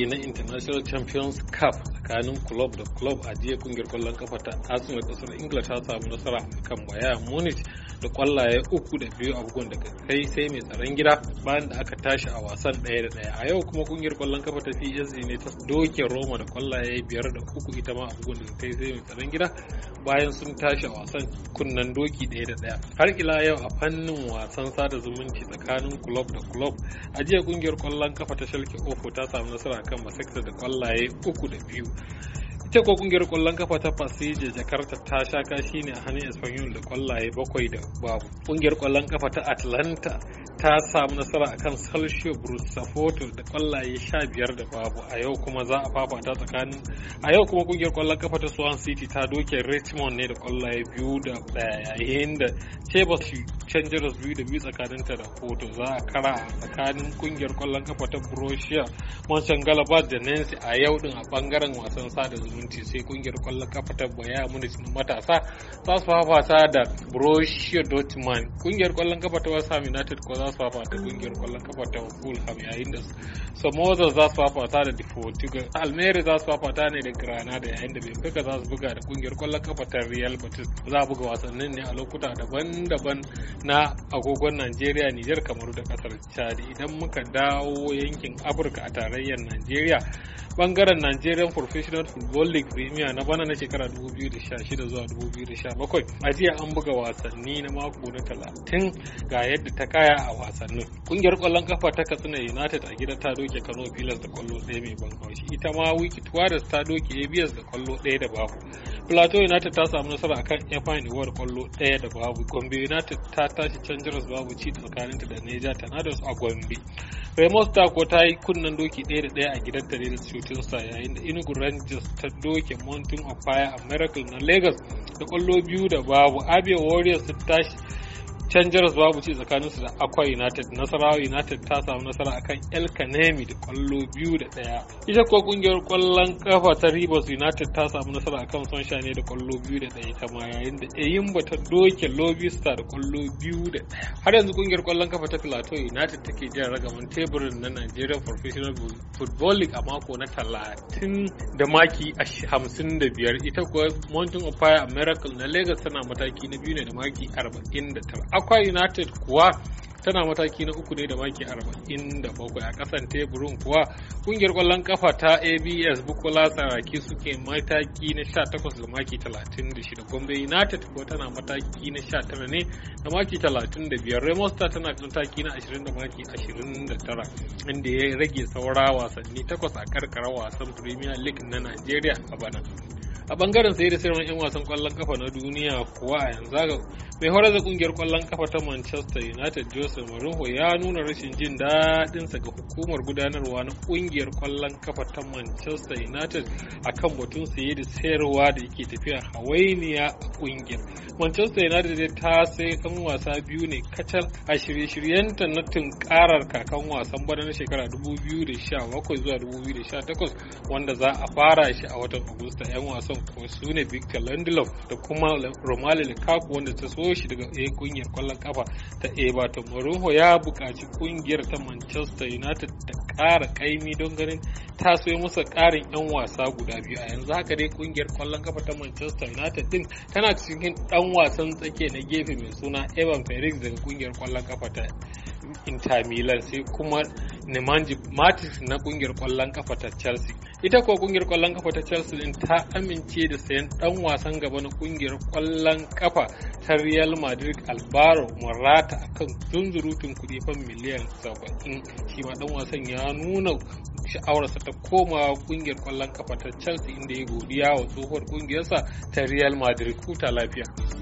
yi na international champions cup tsakanin club da club a jiya kungiyar kwallon kafa ta arsenal kasar ingila ta samu nasara kan baya munich da kwallaye uku da biyu a bugun daga kai sai mai tsaron gida bayan da aka tashi a wasan daya da ɗaya a yau kuma kungiyar kwallon kafa ta psg ne ta doke roma da kwallaye biyar da uku ita ma a bugun daga kai sai mai tsaron gida bayan sun tashi a wasan kunnen doki daya da ɗaya har ila yau a fannin wasan sada zumunci tsakanin club da club a jiya kungiyar kwallon kafa ta shalke ofo ta samu nasara kan masakta da kwallaye uku da biyu ita ko kungiyar kwallon kafa ta Pasija Jakarta ta sha kashi ne a hannun Espanyol da kwallaye bakwai da babu. Kungiyar kwallon kafa ta Atlanta ta samu nasara akan Salcio Brusafoto da kwallaye sha biyar da babu a yau kuma za a fafata tsakanin a yau kuma kungiyar kwallon kafa ta Swan City ta doke Richmond ne da kwallaye biyu da daya yayin da Chebos canjaras biyu da biyu tsakaninta da hoto za a kara a tsakanin kungiyar kwallon kafa ta Borussia Mönchengladbach da Nancy a yau din a bangaren wasan sada zumunci sai kungiyar kwallon kafa ta Bayern Munich matasa za su fafata da Borussia Dortmund kungiyar kwallon kafa ta West Ham United ko za su fafata kungiyar kwallon kafa ta Fulham yayin da Somoza za su fafata da Deportivo Almeri za su fafata ne da Granada yayin da Benfica za su buga da kungiyar kwallon kafa ta Real Betis za a buga wasannin ne a lokuta daban-daban na agogon Najeriya, Nijar, Kamaru da kasar Chad. Idan muka dawo yankin Afirka a tarayyar Najeriya, bangaren Nigerian Professional Football League Premier na bana na shekara 2016 zuwa 2017. A jiya an buga wasanni na mako na 30 ga yadda ta kaya a wasannin. Kungiyar kwallon kafa ta Katsina United a gidan ta doke Kano Pilas da kwallo ɗaya mai ban haushi. Ita ma Wiki ta doke ABS da kwallo ɗaya da babu. plateau united ta samu nasara akan efan iwar kwallo daya da babu gombe united ta tashi canjaras babu ci tsakaninta da niger su a gombe raymond ta ta yi kunnen doki daya da daya a gidan tare da cutinsa yayin da inugu rangers ta doke mountain of fire a miracle na lagos da kwallo biyu da babu abia warriors ta tashi canjaras babu ci tsakaninsu da akwa united nasarawa united ta samu nasara akan el kanemi da kwallo biyu da daya ita kuwa kungiyar kwallon kafa ta rivers united ta samu nasara akan sunshine shane da kwallo biyu da daya ta ma yayin da eyimba ta doke lobista da kwallo biyu da daya har yanzu kungiyar kwallon kafa ta plateau united take jiran ragaman teburin na nigeria professional football league a mako na talatin da maki hamsin da biyar ita kuwa mountain of fire miracle na lagos tana mataki na biyu ne da maki arba'in da tara Akwa United kuwa tana mataki na uku ne da maki 47 a kasan teburin kuwa kungiyar kwallon kafa ta abs bukola tsaraki suke mataki na 18 da maki 36 gombe united kuwa tana mataki na 19 ne da maki 35 ramos ta tana mataki na 20 da maki 29 inda ya rage saura wasanni takwas a karkara wasan premier league na nigeria a bana a bangaren sai da sirrin 'yan wasan kwallon kafa na duniya kuwa a yanzu mai horar da kungiyar kwallon kafa ta manchester united jose mourinho ya nuna rashin jin daɗinsa ga hukumar gudanarwa na kungiyar kwallon kafa ta manchester united a kan batun saye da sayarwa da yake tafiya hawainiya a kungiyar manchester united ta sai kan wasa biyu ne kacal a shirye-shiryenta na tunkarar kakan wasan bana na shekara 2017 zuwa 2018 wanda za a fara shi a watan agusta 'yan wasan kuma su ne victor lindelof da kuma romelu lukaku wanda ta so shi daga eh, kungiyar kwallon kafa ta Everton. Mourinho ya buƙaci kungiyar ta Manchester United ta ƙara kaimi don ganin ta sayo masa karin 'yan wasa guda biyu a yanzu haka dai kungiyar kwallon kafa ta Manchester United din tana cikin ɗan wasan tsake na gefe mai suna Evan Felix daga kungiyar kwallon kafa ta Inter Milan sai kuma Nemanji matis na kungiyar kwallon kafa ta Chelsea. Ita kuwa kungiyar kwallon kafa ta Chelsea din ta amince da sayan dan wasan gaba na kungiyar kwallon kafa ta Real Madrid Alvaro Morata akan zunzurutun kudi fan miliyan 70. Shi ma dan wasan ya nuna sha'awarsa ta komawa kungiyar kwallon kafa ta Chelsea inda ya godiya wa tsohuwar kungiyarsa ta Real Madrid huta lafiya.